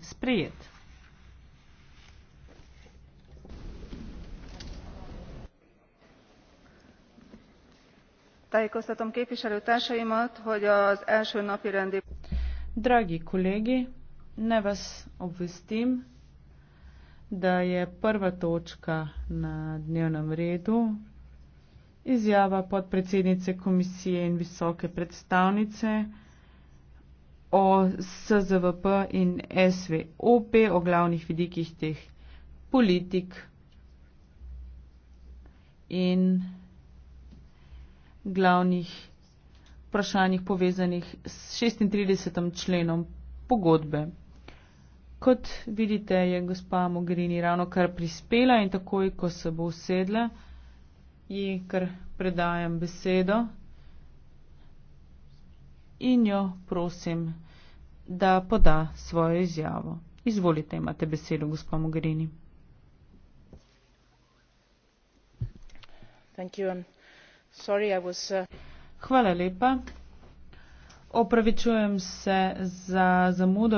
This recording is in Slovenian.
sprejet. Tájékoztatom képviselőtársaimat, hogy az első napi rendi... Dragi kolegi, ne vas obvestim, da je prva točka na dnevnem redu izjava podpredsednice komisije in visoke predstavnice o SZVP in SVOP, o glavnih vidikih teh politik. In glavnih vprašanjih povezanih s 36. členom pogodbe. Kot vidite, je gospa Mogherini ravno kar prispela in takoj, ko se bo usedla, ji kar predajam besedo in jo prosim, da poda svojo izjavo. Izvolite, imate besedo, gospod Mogherini. Sorry, was, uh... Hvala lepa. Opravičujem se za zamudo.